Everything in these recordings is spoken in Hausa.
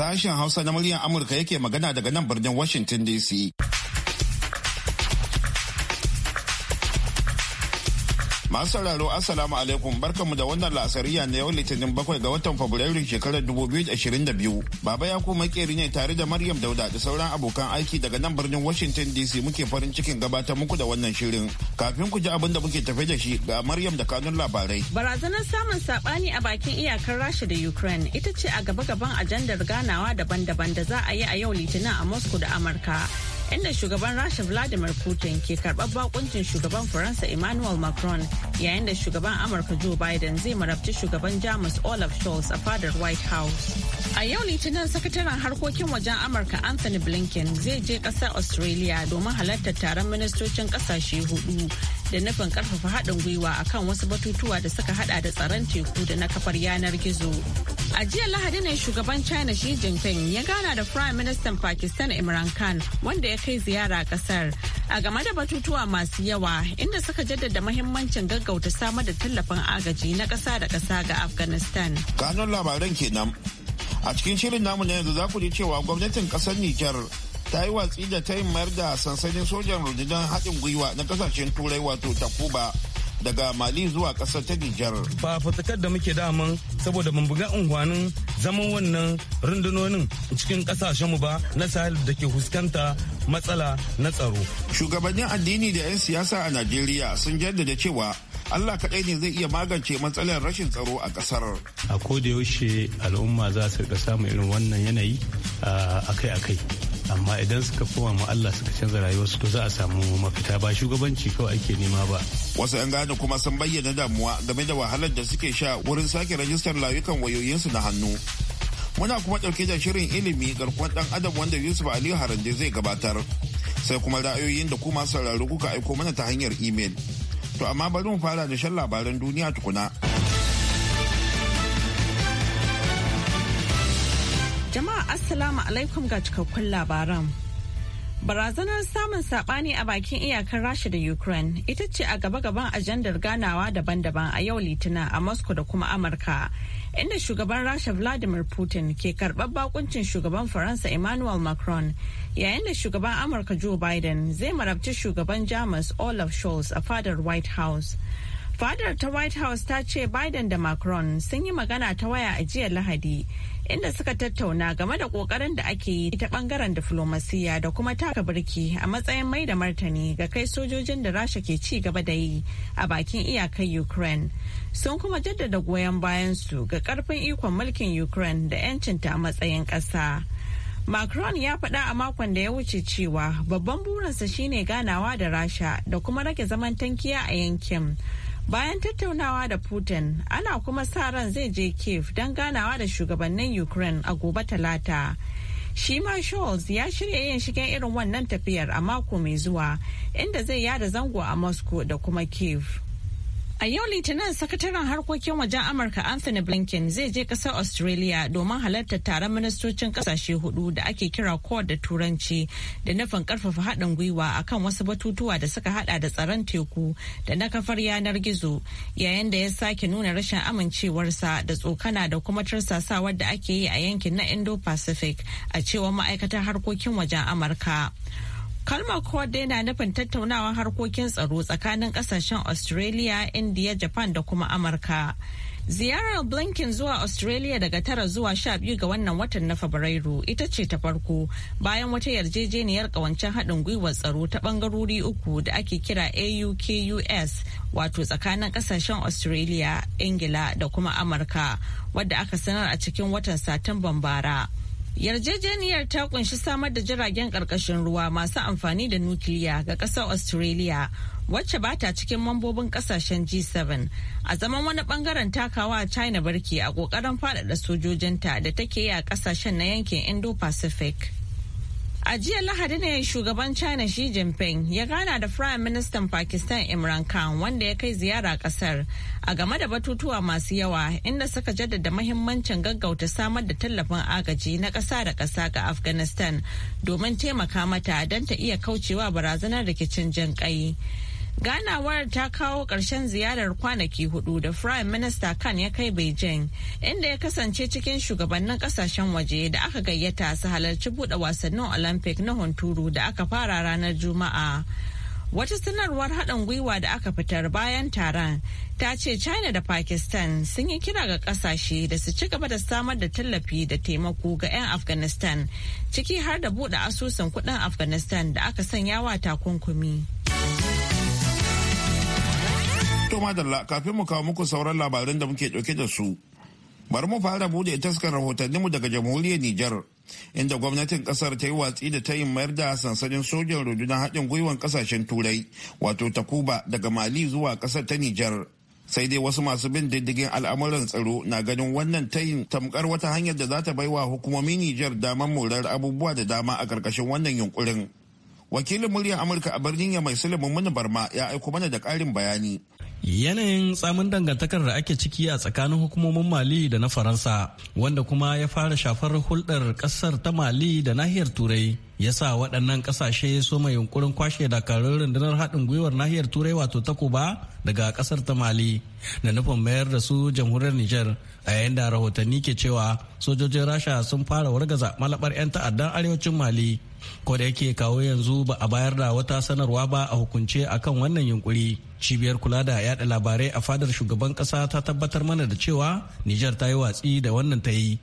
Sashen Hausa na muryar Amurka yake magana daga nan birnin Washington DC. Masu sauraro Assalamu alaikum barkanmu da wannan la'asariya na yau litinin bakwai ga watan Fabrairu shekarar da biyu. Baba ya kuma makeri ne tare da Maryam Dauda da sauran abokan aiki daga nan birnin Washington DC muke farin cikin gabatar muku da wannan shirin. Kafin ku ji abin da muke tafe da shi ga Maryam da kanun labarai. Barazanar samun sabani a bakin iyakar Rasha da Ukraine ita ce a gaba-gaban ajandar ganawa daban-daban da za a yi a yau litinin a Moscow da Amurka. inda shugaban rasha vladimir putin ke karɓar bakuncin shugaban faransa emmanuel macron yayin da shugaban amurka joe biden zai marabci shugaban jamus olaf scholz a fadar white house a yau litinin sakataren harkokin wajen amurka anthony blinken zai je ƙasar australia domin halartar taron ministocin ƙasashe hudu da nufin karfafa haɗin gwiwa akan wasu batutuwa da suka hada da tsaron teku da na kafar yanar gizo A jiya Lahadi ne shugaban China Xi Jinping ya gana da Prime Minister Pakistan Imran Khan wanda ya kai ziyara kasar. A game da batutuwa masu yawa inda suka jaddada mahimmancin gaggauta samar da tallafin agaji na kasa da kasa ga Afghanistan. Kanun labaran kenan. A cikin shirin namu na yanzu za ku ji cewa gwamnatin ƙasar Nijar ta yi watsi da ta yi mayar da sansanin sojan rundunar haɗin gwiwa na kasashen turai wato Takuba. daga mali zuwa kasar ta nijar fafutukar da muke daman saboda mun buga unguwanin zaman wannan rundunonin cikin mu ba na sahel da ke fuskanta matsala na tsaro shugabannin addini da 'yan siyasa a najeriya sun jaddada cewa Allah kaɗai ne zai iya magance matsalar rashin tsaro a ƙasar. A koda al'umma za su samun irin wannan yanayi ah, akai-akai. amma idan suka koma ma Allah suka canza rayuwarsu to za a samu mafita ba shugabanci kawai ake nema ba wasu 'yan gane kuma sun bayyana damuwa game da wahalar da suke sha wurin sake rajistar layukan wayoyinsu na hannu muna kuma ɗauke da shirin ilimi garkuwar ɗan adam wanda yusuf aliyu harande zai gabatar sai kuma ra'ayoyin da kuma sauraro kuka aiko mana ta hanyar imel to amma bari mu fara da shan labaran duniya tukuna. Jama'a Assalamu alaikum ga cikakkun labaran. Barazanar samun sabani a bakin iyakar Rasha da Ukraine ita ce a gaba-gaban ajandar ganawa daban-daban a yau Litinin a Moscow da kuma Amurka, inda shugaban Rasha Vladimir Putin ke karɓar bakuncin shugaban Faransa Emmanuel Macron, yayin da shugaban Amurka Joe Biden zai marabci shugaban Jamus Olaf Scholz a fadar White House. Fadar ta White House ta ce Biden da Macron sun yi magana ta waya a jiya Lahadi inda suka tattauna game da kokarin da ake yi ta bangaren diflomasiya da kuma taka birki a matsayin mai da martani ga kai sojojin da rasha ke ci gaba da yi a bakin iyakar ukraine sun kuma jaddada goyon bayansu ga karfin ikon mulkin ukraine da 'yancinta a matsayin ƙasa. macron ya faɗa a makon da ya wuce cewa babban burinsa shine ganawa da rasha da kuma rage zaman tankiya a yankin Bayan tattaunawa da Putin, ana kuma sa ran zai je Kiev don ganawa da shugabannin Ukraine a gobe talata. Shi ma Scholz ya shirya yin shigen irin wannan tafiyar a mako mai zuwa, inda zai yada zango a Moscow da kuma Kiev. A yau Litinin sakataren harkokin wajen Amurka Anthony Blinken zai je kasar Australia domin halartar taron ministocin kasashe hudu da ake kira kowar da Turanci da nufin karfafa haɗin gwiwa akan wasu batutuwa da suka hada da tsaron teku da na kafar yanar gizo yayin da ya sake nuna rashin amincewarsa da tsokana da kuma tursasawar da ake yi a yankin na Indo-Pacific a cewar ma'aikatar harkokin wajen Amurka. Kalmar Quad dai na nufin tattaunawar harkokin tsaro tsakanin kasashen Australia, India, Japan da kuma Amurka. Ziyarar Blinken zuwa Australia daga tara zuwa sha biyu ga wannan watan na Fabrairu ita ce ta farko bayan wata yarjejeniyar kawancen haɗin gwiwar tsaro ta ɓangarori uku da ake kira AUKUS wato tsakanin ƙasashen Australia, Ingila da kuma Amurka wadda aka sanar a cikin watan Satumban bara. Yarjejeniyar ta kunshi samar da jiragen ƙarƙashin ruwa masu amfani da nukiliya ga ƙasar Australia wacce ba ta cikin mambobin ƙasashen G7 a zaman wani ɓangaren takawa a China barki a ƙoƙarin faɗaɗa sojojinta da take yi a ƙasashen na yankin Indo-Pacific. A jiya Lahadi ne shugaban China Xi Jinping ya gana da Prime Minister Pakistan Imran Khan wanda ya kai ziyara kasar a game da batutuwa masu yawa inda suka jaddada mahimmancin gaggauta samar da tallafin agaji na ƙasa da ƙasa ga Afghanistan domin taimaka mata don ta iya kaucewa barazanar rikicin jin ƙai. ganawar ta kawo ƙarshen ziyarar kwanaki hudu da prime minister kan ya kai beijing inda ya kasance cikin shugabannin kasashen waje da aka gayyata su halarci buɗe wasannin olympic na hunturu da aka fara ranar juma'a wata sanarwar haɗin gwiwa da aka fitar bayan taron ta ce china da pakistan sun yi kira ga ƙasashe da su ci gaba da samar da tallafi da taimako ga 'yan afghanistan ciki har da buɗe asusun kuɗin afghanistan da aka sanya wa takunkumi. To madalla kafin mu kawo muku sauran labarin da muke dauke da su. Bari mu fara bude taskar rahotanninmu daga jamhuriyar Nijar. Inda gwamnatin kasar ta yi watsi da ta yi mayar da sansanin sojan rundunar haɗin gwiwan kasashen turai wato takuba daga mali zuwa kasar ta Nijar. sai dai wasu masu bin diddigin al'amuran tsaro na ganin wannan tayin tamkar wata hanyar da za ta bai wa hukumomin Nijar damar morar abubuwa da dama a ƙarƙashin wannan yunkurin. Wakilin muryar Amurka a birnin ya mai silimin Muni Barma ya aiko mana da ƙarin bayani. Yanayin tsamin dangantakar da ake ciki a tsakanin hukumomin Mali da na Faransa, wanda kuma ya fara shafar hulɗar ƙasar ta Mali da nahiyar Turai, ya sa waɗannan ƙasashe so mai yunkurin kwashe dakarun rundunar haɗin gwiwar nahiyar Turai wato takuba daga ƙasar ta Mali, da nufin mayar da su jamhuriyar Nijar, a yayin da rahotanni ke cewa sojojin Rasha sun fara wargaza malabar 'yan ta'addan arewacin Mali. ko da yake kawo yanzu ba a bayar da wata sanarwa ba a hukunce akan wannan yunkuri cibiyar kula da yada labarai a fadar shugaban kasa ta tabbatar mana da cewa nijar ta yi watsi da wannan ta yi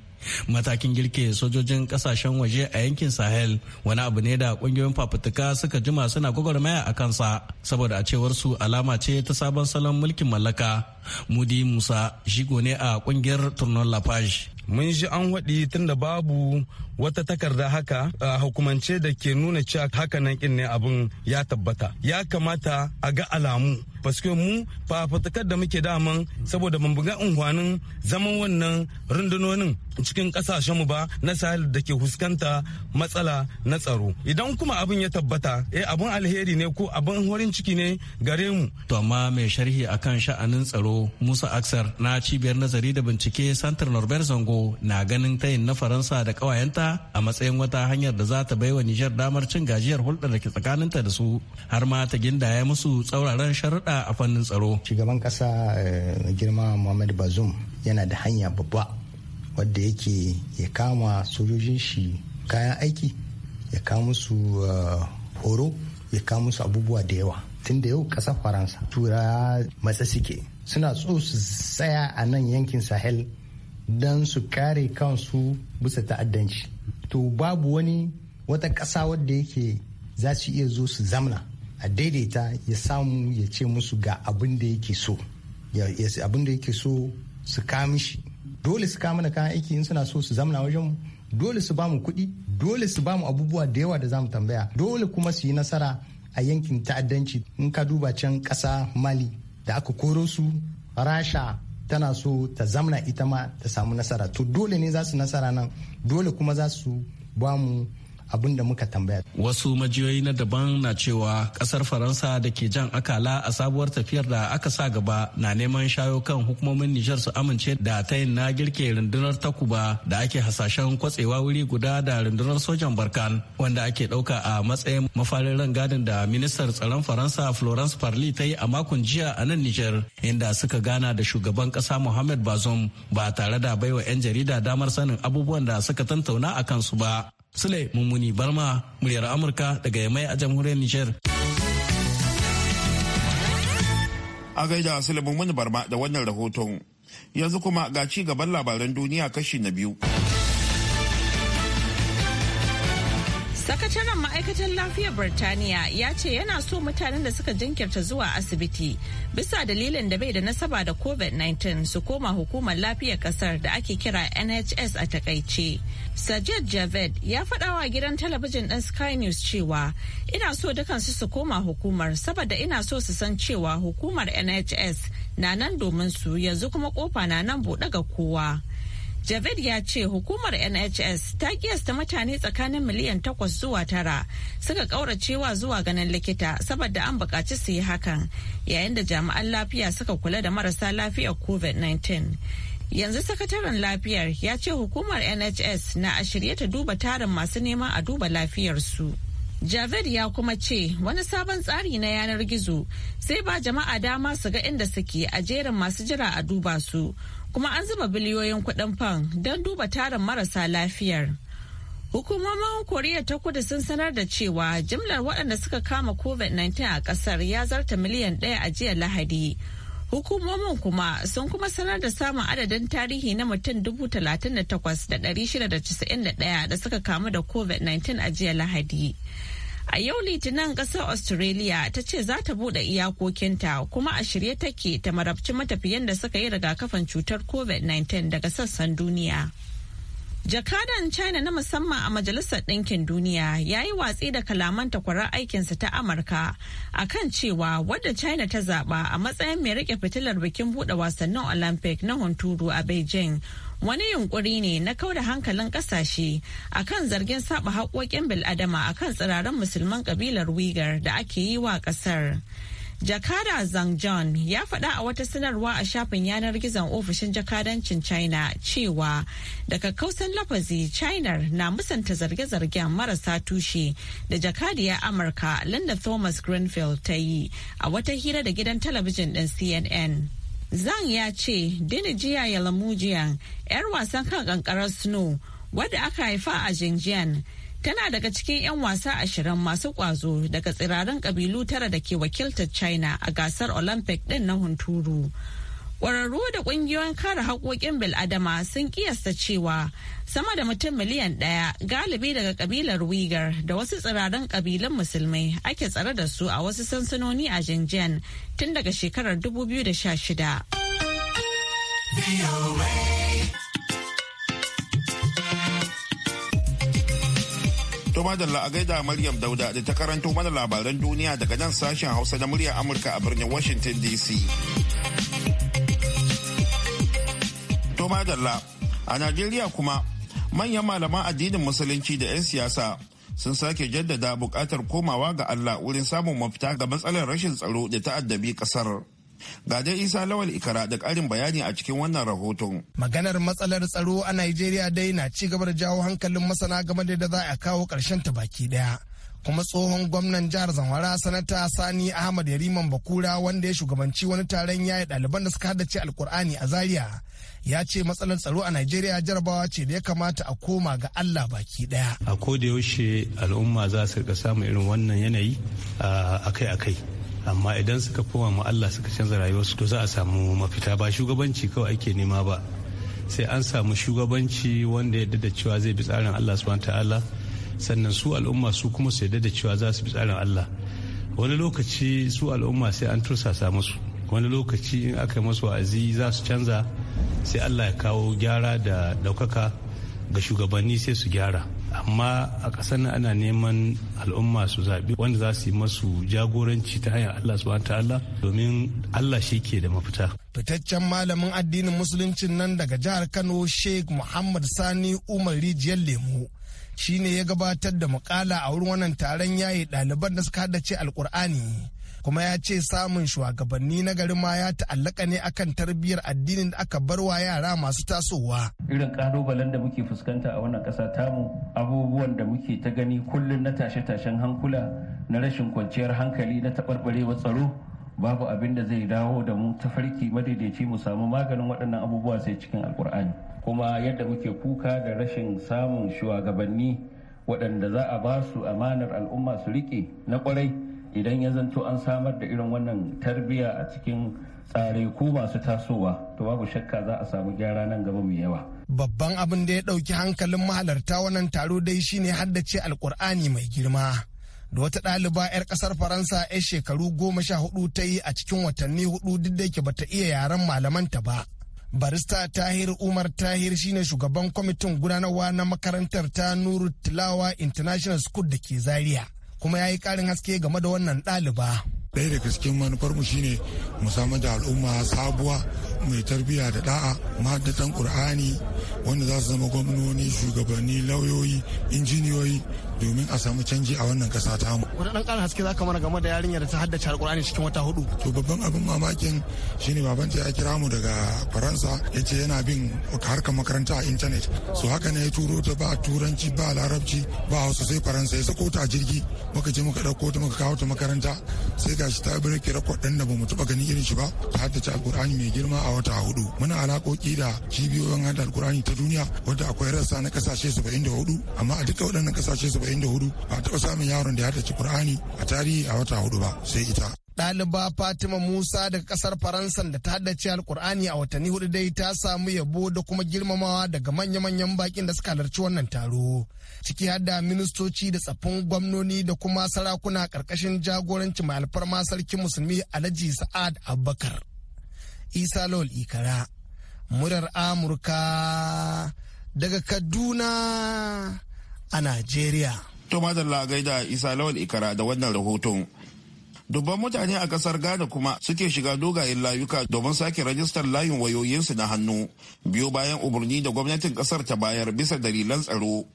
matakin girke sojojin kasashen waje a yankin sahel wani abu ne da kungiyoyin fafutuka suka jima suna gwagwarmaya a kansa saboda a cewar su alama ce ta sabon salon mulkin mallaka mudi musa shigo ne a kungiyar turnon lafash mun ji an waɗi tunda babu wata takarda haka a hukumance da ke nuna cewa hakanan kin ne abin ya tabbata ya kamata a ga alamu paske mu fafatakar da muke daman saboda bambuga buga unhwanin zaman wannan rundunonin cikin mu ba na sahel da ke huskanta matsala na tsaro idan kuma abin ya tabbata eh abin alheri ne ko abin horin ciki ne gare mu to amma mai sharhi akan sha'anin tsaro musa aksar na cibiyar nazari da bincike santar norbert zango na ganin tayin na faransa da ƙawayenta. a matsayin wata hanyar da za ta bai wa Nijar damar cin gajiyar hulɗar da ke tsakaninta da su har ma ta gindaya musu tsauraran sharuɗa a fannin tsaro. Shugaban ƙasa eh, girma Muhammad Bazoum yana da hanya babba wadda yake ya kama sojojin shi kayan aiki ya kama musu eh, horo ya kama musu abubuwa da yawa tun da yau ƙasar faransa tura matsa suke suna so su tsaya a nan yankin sahel don su kare kansu bisa ta'addanci to babu wani wata ƙasa wadda yake za su iya zo su zamna a daidaita ya samu ya ce musu ga abin da yake so abin da yake so su kami shi dole su kama kayan aiki in suna so su zamna wajen mu dole su bamu kuɗi dole su bamu abubuwa da yawa da zamu tambaya dole kuma su yi nasara a yankin ta'addanci in ka duba can ƙasa mali da aka koro su rasha tana so ta zamna ita ma ta samu nasara to dole ne za su nasara nan dole kuma za su ba mu abin da muka tambaya. Wasu majiyoyi na daban na cewa kasar Faransa da ke jan akala a sabuwar tafiyar da aka sa gaba na neman shayo kan hukumomin Nijar su amince da ta yin na girke rundunar takuba da ake hasashen kwatsewa wuri guda da rundunar sojan Barkan wanda ake ɗauka a matsayin mafarin rangadin da ministar tsaron Faransa Florence Parly ta yi a makon jiya a nan Nijar inda suka gana da shugaban ƙasa Mohamed Bazoum ba tare da baiwa 'yan jarida damar sanin abubuwan da suka tantauna a kansu ba. Sule Mummuni Barma, muryar Amurka daga Yamai a jamhuriyar Nijar. A gaida Sule Mummuni Barma da wannan rahoton. Yanzu kuma ga ci gaban labaran duniya kashi na biyu. Sakataren ma'aikatar lafiyar Birtaniya ya ce yana so mutanen da suka jinkirta zuwa asibiti bisa dalilin da bai da nasaba da COVID-19 su koma hukumar lafiyar kasar da ake kira NHS a takaice. Sajid Javed ya faɗa wa gidan talabijin ɗin Sky News cewa ina so dukansu su koma hukumar saboda ina so su san cewa hukumar NHS na nan domin su yanzu kuma kofa na nan buɗe ga kowa. Javed ya ce hukumar NHS ta kiyasta mutane tsakanin miliyan takwas zuwa tara suka kauracewa zuwa ganin likita saboda an bukaci su yi hakan yayin da jami'an lafiya suka kula da marasa lafiyar COVID-19. Yanzu sakataren lafiyar ya ce hukumar NHS na a shirye ta duba tarin masu neman a duba lafiyarsu. Javed ya kuma ce wani sabon tsari na yanar gizo sai ba jama'a dama su ga inda suke a jerin masu jira a duba su. kuma an zuba biliyoyin kudin fan don duba tarin marasa lafiyar. Hukumomin Koriya ta kudu sun sanar da cewa jimlar waɗanda suka kama COVID-19 a ƙasar ya zarta miliyan ɗaya a jiya Lahadi. Hukumomin kuma sun kuma sanar da samun adadin tarihi na mutum 38,691 da suka kamu da COVID-19 a jiya Lahadi. A yau Litinin ƙasar Australia ta ce za ta buɗe iyakokinta kuma a shirye take ta marabci matafiyan da suka yi rigakafin cutar COVID-19 daga sassan duniya. Jakadan China na musamman a Majalisar Ɗinkin Duniya ya yi watsi da kalaman takwarar aikinsa ta Amurka a kan cewa wadda China ta zaɓa a matsayin mai rike fitilar bikin buɗe wasannin Olympic na hunturu a Beijing. wani yunkuri ne na kauda hankalin kasashe kan zargin saba haƙoƙin bil'adama a kan tsiraren musulman ƙabilar wigar da ake yi wa ƙasar. jakada zhang john ya faɗa a wata sanarwa a shafin yanar gizon ofishin jakadancin china cewa daga kausan lafazi china na musanta zarge-zargen marasa tushe da jakadiyar amurka linda thomas greenfield ta yi a wata hira da gidan talabijin din cnn Zhang ya ce dini jiya ya lamu jiya 'yar wasan kan kankarar snow wadda aka haifa a Jinjiyan tana daga cikin 'yan wasa ashirin masu kwazo daga tsirarin kabilu tara da ke wakiltar China a gasar Olympic din na hunturu. kwararru da kungiyoyin kare haƙoƙin bil'adama sun kiyasta cewa sama da mutum miliyan ɗaya galibi daga ƙabilar uighur da wasu tsiraren kabilan musulmai ake tsare da su a wasu sansanoni a Jinjiyan tun daga shekarar 2016. To madalla a gaida Maryam Dauda da ta karanto mana labaran duniya daga nan sashen Hausa na muryar Amurka a birnin Washington DC. To Dalla, a Najeriya kuma manyan malaman addinin musulunci da 'yan siyasa sun sake jaddada buƙatar komawa ga Allah wurin samun mafita ga matsalar rashin tsaro da ta'addabi ƙasar. Ga dai Isa Lawal Ikara da ƙarin bayani a cikin wannan rahoton. Maganar matsalar tsaro a Najeriya dai na ci gaba da jawo hankalin masana game da za a kawo ƙarshen ta baki ɗaya. kuma tsohon gwamnan jihar zamfara sanata sani ahmad yariman bakura wanda ya shugabanci wani taron yaya ɗaliban da suka haddace alkur'ani a zaria ya ce matsalar tsaro a nigeria jarabawa ce da ya kamata a koma ga allah baki daya a koda yaushe al'umma za su rika samun irin wannan yanayi akai akai amma idan suka koma ma allah suka canza rayuwarsu to za a samu mafita ba shugabanci kawai ake nema ba sai an samu shugabanci wanda ya da cewa zai bi tsarin allah subhanahu ta'ala sannan su al'umma su kuma su yadda da cewa za su bi tsarin Allah wani lokaci su al'umma sai an tursasa musu wani lokaci in aka masu wa'azi za su canza sai Allah ya kawo gyara da daukaka ga shugabanni sai su gyara amma a ƙasar nan ana neman al'umma su zaɓi wanda za su yi masu jagoranci ta hanyar Allah subhanahu ta'ala domin Allah shi ke da mafita. Fitaccen malamin addinin musuluncin nan daga jihar Kano Sheikh Muhammad Sani Umar Rijiyar Lemu shine ya gabatar da muƙala a wurin wannan taron yayi ɗaliban da suka haddace alkur'ani kuma ya ce samun shugabanni na gari ma ya ta'allaka ne akan tarbiyyar addinin da aka bar wa yara masu tasowa. Irin kalubalen da muke fuskanta a wannan ƙasa tamu abubuwan da muke ta gani kullum na tashe-tashen hankula na rashin kwanciyar hankali na taɓarɓarewar tsaro babu abin da zai dawo da mu tafarki madaidaici mu samu maganin waɗannan abubuwa sai cikin alkur'ani kuma yadda muke kuka da rashin samun shugabanni waɗanda za a ba su amanar al'umma su riƙe na ƙwarai idan ya zanto an samar da irin wannan tarbiyya a cikin tsare ko masu tasowa to babu shakka za a samu gyara nan gaba mai yawa babban abin da ya ɗauki hankalin mahalarta wannan taro dai shine haddace alkur'ani mai girma da wata ɗaliba 'yar ƙasar faransa 'yar shekaru goma sha hudu ta yi a cikin watanni hudu duk da yake bata iya yaren malamanta ba barista tahir umar tahir shine shugaban kwamitin gudanarwa na makarantar ta nuru tilawa international school da ke zaria kuma ya yi ƙarin haske game da wannan ɗaliba ɗaya daga cikin manufarmu shine mu samar da al'umma sabuwa mai tarbiyya da da'a mahaddatan qur'ani wanda za su zama gwamnoni shugabanni lauyoyi injiniyoyi domin a samu canji a wannan kasa ta mu wani ɗan ƙarin haske ka mana game da yarinyar da ta haddace alqur'ani cikin wata hudu to babban abin mamakin shine babanta ya kira mu daga faransa ya ce yana bin harkar makaranta a intanet so haka ne ya turo ta ba turanci ba larabci ba hausa sai faransa ya sako ta a jirgi muka je muka ɗauko ta muka kawo ta makaranta sai gashi ta bi rake rakwadin da bamu taɓa ganin irin shi ba ta haddace alqur'ani mai girma a wata hudu muna alakoki da cibiyoyin hada alkurani ta duniya wadda akwai rassa na kasashe 74 amma a duka waɗannan kasashe 74 ba a taɓa samun yaron da ya taci kur'ani a tarihi a wata hudu ba sai ita ɗaliba Fatima Musa daga ƙasar Faransa da ta haddace alkur'ani a watanni hudu dai ta samu yabo da kuma girmamawa daga manya-manyan bakin da suka halarci wannan taro. Ciki har ministoci da tsaffin gwamnoni da kuma sarakuna ƙarƙashin jagoranci mai alfarma sarki musulmi Alhaji Sa'ad Abubakar. isa lol ikara murar amurka daga kaduna a najeriya to madalla gaida isa lawal ikara da wannan rahoton dubban mutane a kasar ghana kuma suke shiga dogayen layuka domin sake rajistar layin wayoyinsu na hannu biyo bayan umarni da gwamnatin kasar ta bayar bisa dalilan tsaro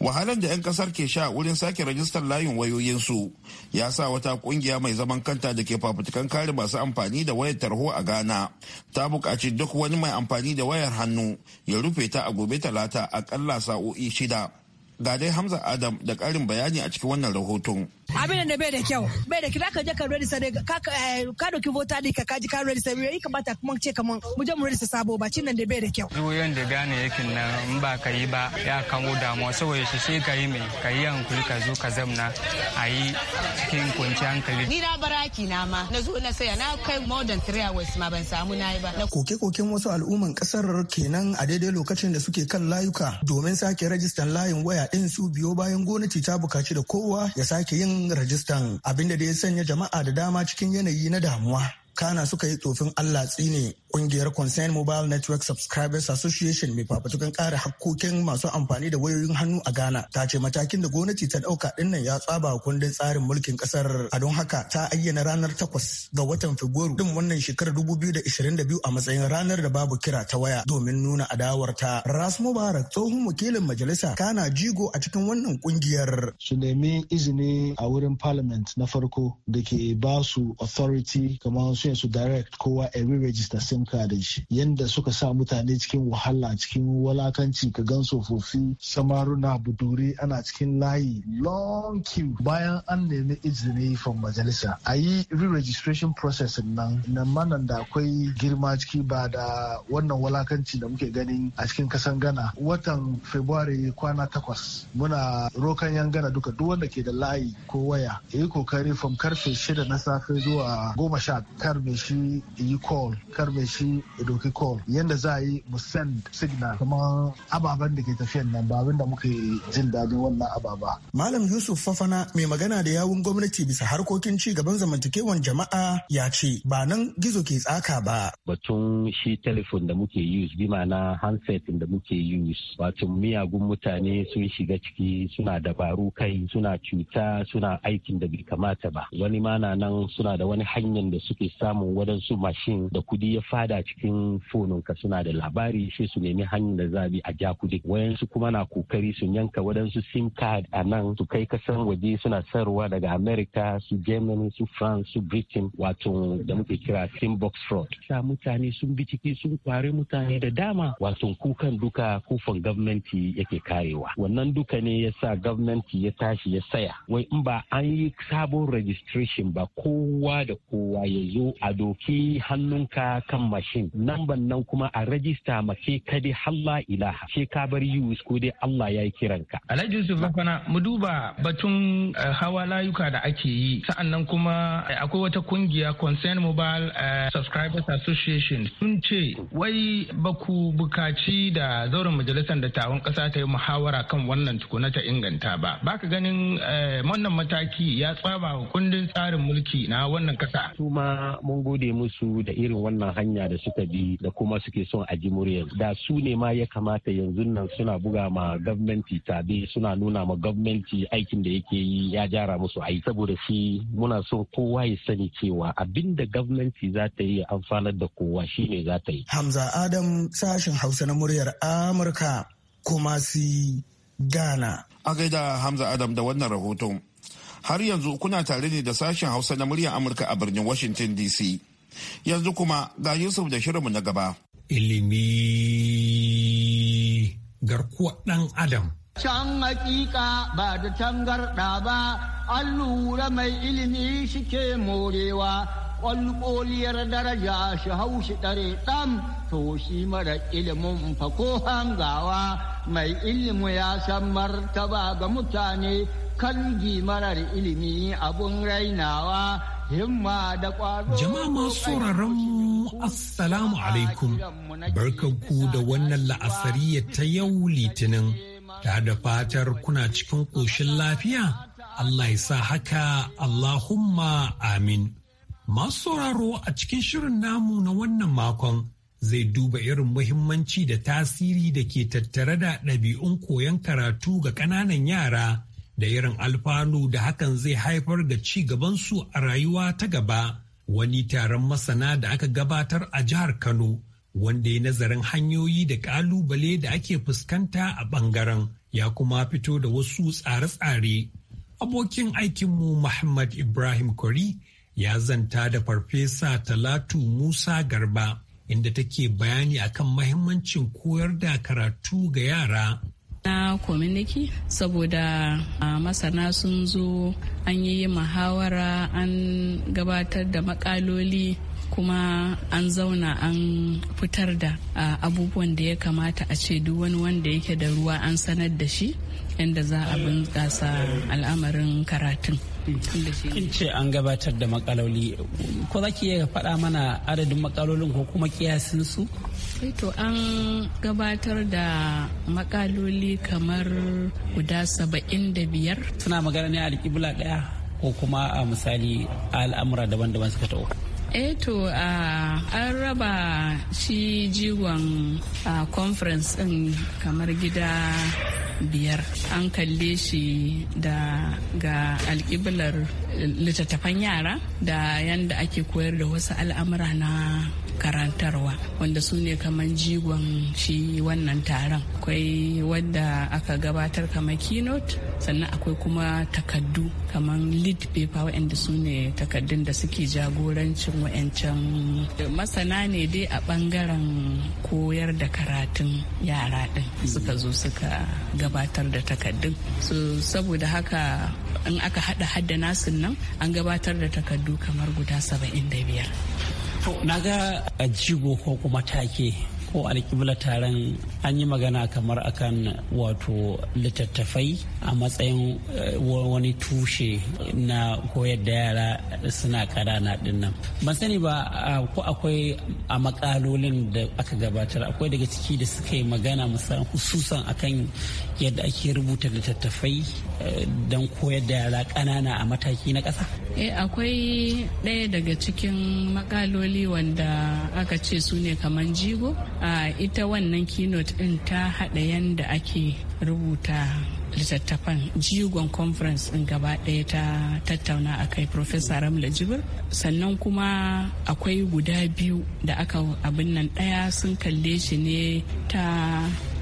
wahalar da 'yan kasar ke sha wurin sake rajistar layin wayoyinsu ya sa wata kungiya mai zaman kanta da ke fafutukan kare masu amfani da wayar tarho a ghana ta buƙaci duk wani mai amfani da wayar hannu ya rufe ta a gobe talata akalla sa'o'i shida ga dai hamza adam da ƙarin bayani a cikin wannan rahoton abin da bai da kyau bai da kira ka je ka register ne eh, ka doki voter ka kaji ka register yi kamata kuma ce kaman mu je mu register sabo ba cin nan da bai da kyau duk da gane yakin nan in ba ka yi ba ya kawo damuwa saboda shi sai ka yi mai ka yi hankuli ka zo ka zamna a yi cikin kwanci hankali ni na baraki na ma na zo na saya na kai more than three hours ma ban samu na yi ba koke-koken wasu al'umman kasar kenan a daidai lokacin da suke kan layuka domin sake rajistan layin waya ɗin su biyo bayan gwamnati ta bukaci da kowa ya sake yin rajistan abinda da ya sanya jama'a da dama cikin yanayi na damuwa kana suka yi tsofin Allah tsine kungiyar Concern Mobile Network Subscribers Association mai fafutukan kare hakkokin masu amfani da wayoyin hannu a Ghana ta ce matakin da gwamnati ta dauka nan ya tsaba kundin tsarin mulkin kasar a don haka ta ayyana ranar 8 ga watan Fabrairu din wannan shekarar 2022 a matsayin ranar da babu kira ta waya domin nuna adawarta. Ras Mubarak tsohon wakilin majalisa kana jigo a cikin wannan kungiyar. Su nemi izini a wurin parliament na farko da ke ba su authority kamar su su direct kowa every register sim card shi yanda suka sa mutane cikin wahala cikin walakanci ka gan tsofaffi samaruna buduri ana cikin layi long queue bayan an nemi izini from majalisa a yi re-registration process nan nan manan da akwai girma ciki ba da wannan walakanci da muke ganin a cikin kasan gana watan february kwana takwas muna rokan yan gana duka duk wanda ke da layi ko waya yi kokari from karfe shida na safe zuwa goma sha kar mai shi yi call kar mai shi doki call yadda za a yi mu send signal kuma ababen da ke tafiyan nan ba abin da muka yi jin daɗin wannan ababa. Malam Yusuf Fafana mai magana da yawun gwamnati bisa harkokin ci gaban zamantakewan jama'a ya ce ba nan gizo ke tsaka ba. Batun shi telefon da muke use bi ma'ana handset da muke use wato miyagun mutane sun shiga ciki suna dabaru kai suna cuta suna aikin da bai kamata ba wani ma na nan suna da wani hanyar da suke samun wadansu mashin da kudi ya fada cikin ka suna da labari sai su nemi hanyar da zabi a ja kudi wayansu kuma na kokari su yanka wadansu sim card a nan su kai kasan waje suna sarwa daga america su germany su france su britain wato da muke kira sim box fraud sa mutane sun bi ciki sun kware mutane da dama wato kukan duka kofan gwamnati yake karewa wannan duka ne ya sa gwamnati ya tashi ya saya wai in ba an yi sabon registration ba kowa da kowa ya zo a doki hannunka kan mashin Nan namban nan kuma a rajista make ka dai halla ilaha she ka bar yus ko dai Allah ya yi kiranka Alhaji Yusuf fana mu duba batun eh, hawa layuka da ake yi sa'an nan kuma eh, akwai wata kungiya Concern Mobile eh, Subscribers Association sun ce wai baku bukaci da zauren majalisar da dattawan kasa ta yi muhawara kan wannan tukuna ta inganta ba baka ganin wannan mataki ya tsaba wa kundin tsarin mulki na wannan kasa su mun gode musu da irin wannan hanya da suka bi da kuma suke son a ji muryar da su ne ma ya kamata yanzu nan suna buga ma gwamnati tabe suna nuna ma gwamnati aikin da yake yi ya jara musu ai saboda shi muna son kowa ya sani cewa abinda da gwamnati za ta yi amfanar da kowa shine za ta yi hamza adam sashen hausa na muryar amurka kuma si ghana a gaida hamza adam da wannan rahoton har yanzu kuna tare ne da sashen hausa na muryar amurka a birnin washington dc yanzu kuma ga yusuf da shirinmu na gaba ilimi garkuwa ɗan adam Can hakika ba da tangarɗa ba, an lura mai ilimi shike morewa, ƙwalƙoliyar daraja shi haushi ɗare ɗan, to shi mara ilimin fa ko hangawa, mai ilimi ya san martaba ga mutane kalgi marar ilimi abun rainawa himma da ƙwaro. Jama'a masu mu Assalamu alaikum, barkanku da wannan la'asariya ta yau litinin, ta da fatar kuna cikin ƙoshin lafiya, Allah ya sa haka Allahumma amin. Masu sauraro a cikin shirin namu na wannan makon zai duba irin muhimmanci da tasiri da ke tattare da ɗabi'un koyon karatu ga ƙananan yara da irin alfanu da hakan zai haifar ga ci gabansu a rayuwa ta gaba wani taron masana da aka gabatar a jihar Kano wanda ya nazarin hanyoyi da kalubale da ake fuskanta a bangaren ya kuma fito da wasu tsare-tsare. Abokin aikinmu Muhammad Ibrahim Kwari ya zanta da Farfesa Talatu Musa Garba inda take bayani akan mahimmancin koyar da karatu ga yara na community saboda masana sun zo an yi mahawara an gabatar da makaloli kuma an zauna an fitar da abubuwan da ya kamata a ce duk wani wanda yake da ruwa an sanar da shi yadda za a bunƙasa al'amarin karatun in ce an gabatar da makaloli ko za ki iya faɗa mana adadin makalolin ko kuma kiyasin su to an gabatar da makaloli kamar guda saba'in da biyar suna magana ne a alƙibla ɗaya ko kuma a misali al'amura daban-daban suka taɓo eto eh a an raba shi jiwon conference ɗin kamar gida biyar an kalle shi da ga alƙiblar littattafan yara da yanda ake koyar da wasu al'amura na karantarwa wanda su ne kamar jigon shi wannan taron akwai wadda aka gabatar kamar keynote sannan akwai kuma takaddu kamar lead paper waɗanda su ne takardun da suke jagorancin wa'ancan. Eh, masana ne dai a ɓangaren koyar da karatun yara ɗin suka zo suka gabatar da takardun so saboda haka in aka hada hada nasin nan an gabatar da takardu kamar guda 75 na ga jigo ko kuma take ko alkibla taron an yi magana kamar akan wato littattafai a matsayin eh, wani tushe na koyar da yara suna ƙanana na nan ban sani ba ko akwai a makalolin da aka gabatar akwai daga ciki da suka yi magana musamman hususan akan yadda ake rubuta littattafai eh, don koyar da yara kanana a mataki na ƙasa eh akwai ɗaya daga cikin makaloli wanda aka ce su ne kamar jigo a ita wannan keynote din ta haɗa yadda ake rubuta littattafan jigon conference din gaba ɗaya ta tattauna a kai professor ramla jibir sannan kuma akwai guda biyu da aka abin nan ɗaya sun kalle shi ne ta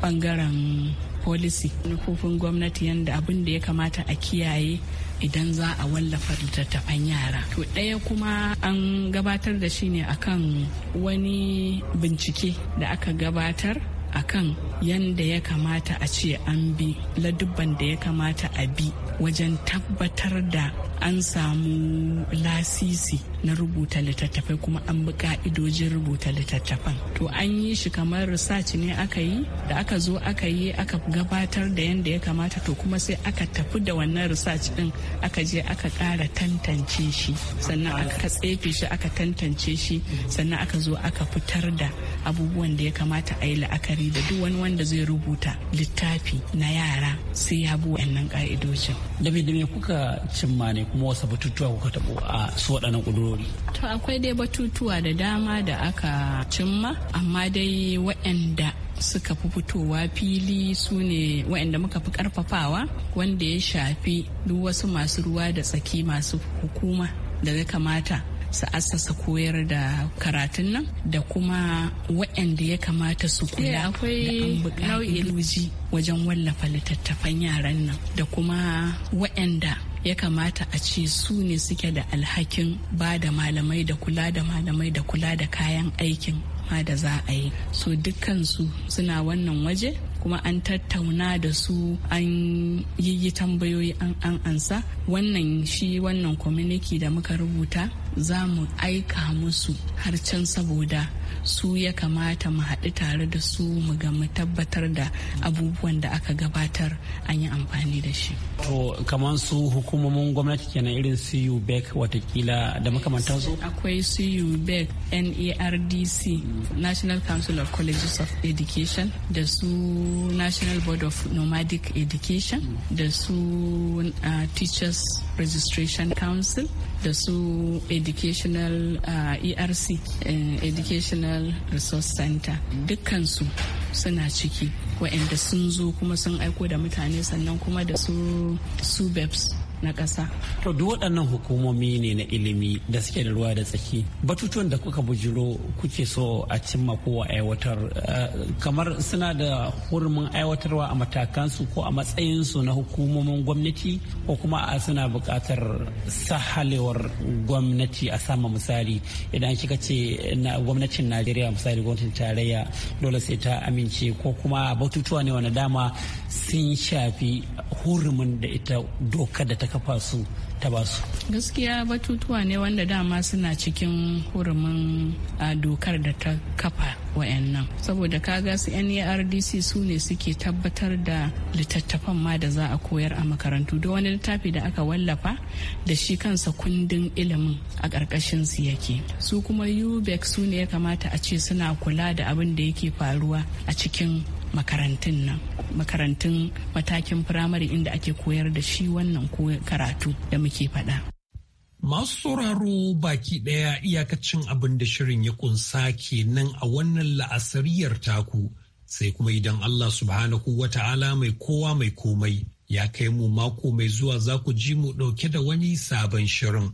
ɓangaren policy nufofin gwamnati yadda abin da ya kamata a kiyaye idan za a wallafa littattafan yara to ɗaya kuma an gabatar da shi ne akan wani bincike da aka gabatar akan yadda ya kamata a ce an bi ladubban da ya kamata a bi wajen tabbatar da an samu lasisi na rubuta littattafai kuma an bi ka'idojin rubuta littattafan to an yi shi kamar research ne aka yi da aka zo aka yi aka gabatar da yadda ya kamata to kuma sai aka tafi da wannan research din aka je aka ƙara tantance shi sannan aka tsefe shi aka tantance shi sannan aka zo aka fitar da abubuwan da ya kamata a yi la'akari da duk wani wanda zai rubuta littafi na yara sai ya bi wannan ka'idojin. da me kuka cimma ne kuma wasu batutuwa kuka taɓo a su waɗannan ƙudurori. To akwai dai batutuwa da dama da aka cimma amma dai waɗanda suka fi fitowa fili su ne waɗanda muka fi ƙarfafawa wanda ya shafi duk wasu masu ruwa da tsaki masu hukuma da ya kamata su asasa koyar da karatun nan da kuma waɗanda ya kamata su kula eh, akwai nau'in wajen wallafa littattafan yaran nan da kuma waɗanda ya kamata a ce su ne suke da alhakin ba da malamai da kula da malamai da kula da kayan aikin ma da za a yi so dukkansu suna wannan waje kuma an tattauna da su an yi tambayoyi an an ansa wannan shi wannan kwaminiki da muka rubuta za mu aika musu har can saboda su ya kamata mu haɗu tare da su mu ga mu tabbatar da abubuwan da aka gabatar an yi amfani da shi. To kamar su hukumomin gwamnati kenan irin su UBEC watakila da makamantar su? Akwai su NERDC, National Council of Colleges of Education, da su National Board of Nomadic Education, da su uh, Teachers Registration Council. da su educational uh, erc uh, eh, educational resource center dukkansu suna ciki waɗanda sun zo kuma sun aiko da mutane sannan kuma da su subebs na ƙasa. To duk waɗannan hukumomi ne na ilimi da suke da ruwa da tsaki. Batutuwan da kuka bujiro kuke so a cimma ko aiwatar eh, kamar suna da hurumin aiwatarwa a matakansu ko a matsayinsu na hukumomin gwamnati ko kuma a suna buƙatar sahalewar gwamnati a sama misali idan kika ce na gwamnatin Najeriya misali gwamnatin tarayya dole sai ta amince ko kuma batutuwa ne wani dama sun shafi hurumin da ita doka da ta kafa su ta ba su. Gaskiya batutuwa ne wanda dama suna cikin hurumin dokar da ta kafa wayannan saboda kaga su NARDC su ne suke tabbatar da littattafan ma da za a koyar a makarantu da wani littafi da aka wallafa da shi kansa kundin ilimin a ƙarƙashin su yake su kuma ubec su ne ya kamata a ce suna kula da abin da yake faruwa a cikin makarantun nan makarantun matakin firamare inda ake koyar da shi wannan karatu da muke faɗa. Masu sauraro baki ɗaya iyakacin abin da shirin ya kunsa nan a wannan la'asariyar taku sai kuma idan Allah subhanahu wa ta'ala mai kowa mai komai ya kai mu mako mai zuwa za ku ji mu ɗauke da wani sabon shirin.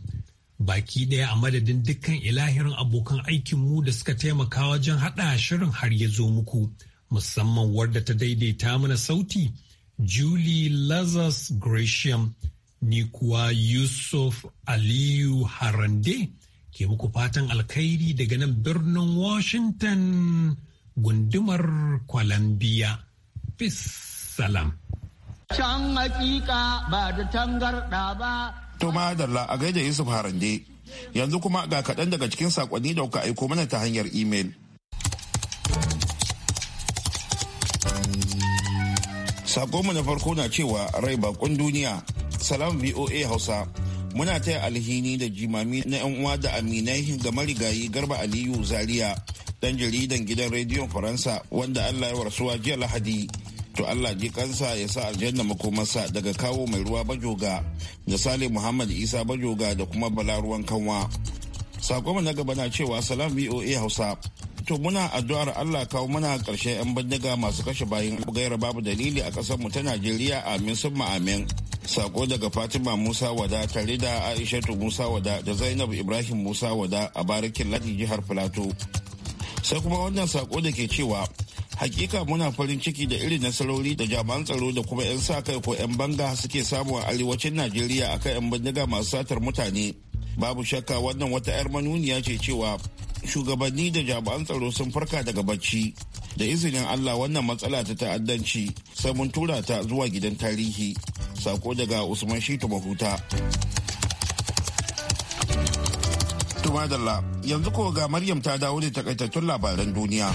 Baki ɗaya a madadin dukkan ilahirin abokan aikin mu da suka taimaka wajen haɗa shirin har ya zo muku. musamman wadda ta daidaita mana sauti Julie Lazarus Gresham ni kuwa Yusuf Aliyu Harande ke muku fatan alkhairi daga nan birnin Washington gundumar Columbia. Peace salam. Can hakika ba da tangarda ba. To ma a gaida Yusuf Harande yanzu kuma ga kaɗan daga cikin saƙonni da kuka aiko mana ta hanyar imel. Sakonmu na farko na cewa rai bakon duniya, salam VOA Hausa. Muna taya alhini da jimami na 'yan uwa da aminai ga marigayi Garba Aliyu Zaria, dan jaridan gidan rediyon Faransa wanda Allah ya warsuwa jiya Lahadi. to Allah ji kansa ya sa aljanna makomarsa daga kawo mai ruwa bajoga da Sale Muhammad Isa bajoga da kuma bala ruwan kanwa sakoma na gaba na cewa salam voa hausa to muna addu'ar allah kawo mana karshe 'yan bindiga masu kashe bayan gaira babu dalili a mu ta najeriya amin sun amin sako daga fatima musa wada tare da aishatu musa wada da zainab ibrahim musa wada a barakin ladi jihar filato sai kuma wannan sako da ke cewa hakika muna farin ciki da irin nasarori da jami'an tsaro da kuma 'yan sa kai ko 'yan banga suke samu a arewacin najeriya akan 'yan bindiga masu satar mutane babu shakka wannan wata 'yar manuniya ce cewa shugabanni da jami'an tsaro sun farka daga bacci da izinin allah wannan matsala ta ta'addanci sai mun tura ta zuwa gidan tarihi sako daga usman shitu mahuta yanzu ko ga maryam ta dawo da takaitattun labaran duniya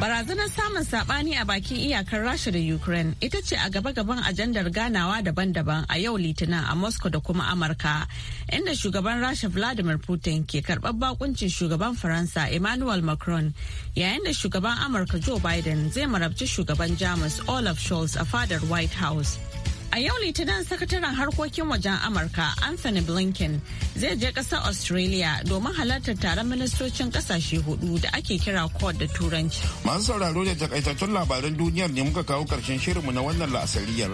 Barazanar samun sabani a bakin iyakar Rasha da Ukraine ita ce a gaba-gaban ajandar ganawa daban-daban a yau Litinin a Moscow da kuma Amurka, inda shugaban Rasha Vladimir Putin ke karɓar bakuncin shugaban Faransa Emmanuel Macron, yayin da shugaban Amurka Joe Biden zai marabci shugaban Jamus Olaf Scholz a fadar White House. A yau Litinin sakataren harkokin wajen Amurka Anthony Blinken zai je ƙasar Australia domin halartar taron ministocin ƙasashe hudu da ake kira Quad da Turanci. Masu sauraro da takaitattun labaran duniyar ne muka kawo ƙarshen shirinmu na wannan la'asariyar.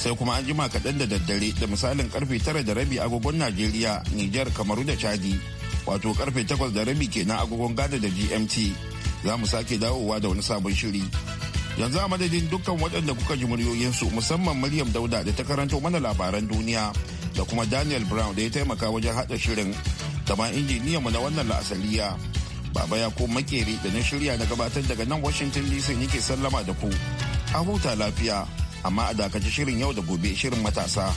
Sai kuma an jima kaɗan da daddare da misalin karfe tara da rabi agogon Najeriya, Nijar, Kamaru da Chadi. Wato karfe takwas da rabi kenan agogon Gada da GMT. Za mu sake dawowa da wani sabon shiri. yanzu a madadin dukkan waɗanda kuka ji muryoyinsu musamman maryam dauda da ta karanto mana labaran duniya da kuma daniel brown da ya taimaka wajen haɗa shirin kama mu na wannan la'asaliya baba ya ko makeri da na shirya na gabatar daga nan washington dc yake sallama da ku a huta lafiya amma a dakaci shirin yau da gobe shirin matasa